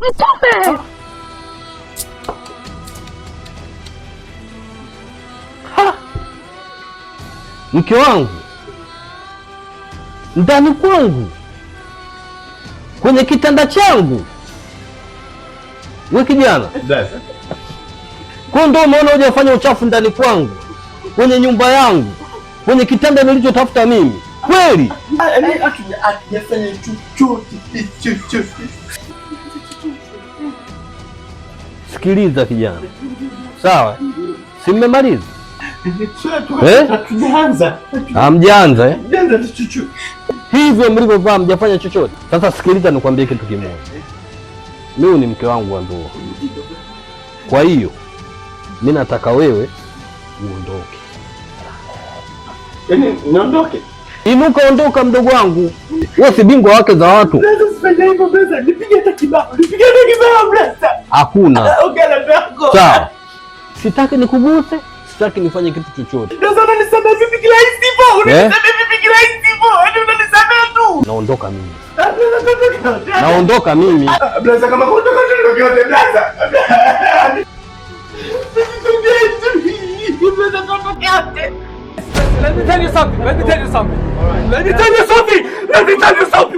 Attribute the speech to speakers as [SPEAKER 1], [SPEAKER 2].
[SPEAKER 1] Mtume!
[SPEAKER 2] Mke wangu ndani kwangu kwenye kitanda changu, we kijana, kwa ndio umeona uja fanya uchafu ndani kwangu kwenye nyumba yangu kwenye kitanda nilichotafuta mimi kweli?
[SPEAKER 3] Ah, eh,
[SPEAKER 2] Sikiliza kijana, sawa? Si mmemaliza?
[SPEAKER 3] Eh? Eh?
[SPEAKER 2] Hamjaanza eh? Hivyo mlivyovaa mjafanya chochote. Sasa sikiliza, nikwambie kitu kimoja, mimi ni mke wangu wa ndoa, kwa hiyo mi nataka wewe uondoke.
[SPEAKER 3] Yaani, niondoke?
[SPEAKER 2] Inuka, ondoka mdogo wangu. Wewe si bingwa wake za watu.
[SPEAKER 3] Nipige hata kibao, nipige hata kibao hakuna
[SPEAKER 2] sawa. Sitaki nikuguse, sitaki nifanye kitu chochote. Eh? Yaani naondoka mimi,
[SPEAKER 3] ah,
[SPEAKER 2] naondoka mimi.
[SPEAKER 3] Ah, let me tell you something. Let me tell you something. Let me tell you something. Let me tell you something.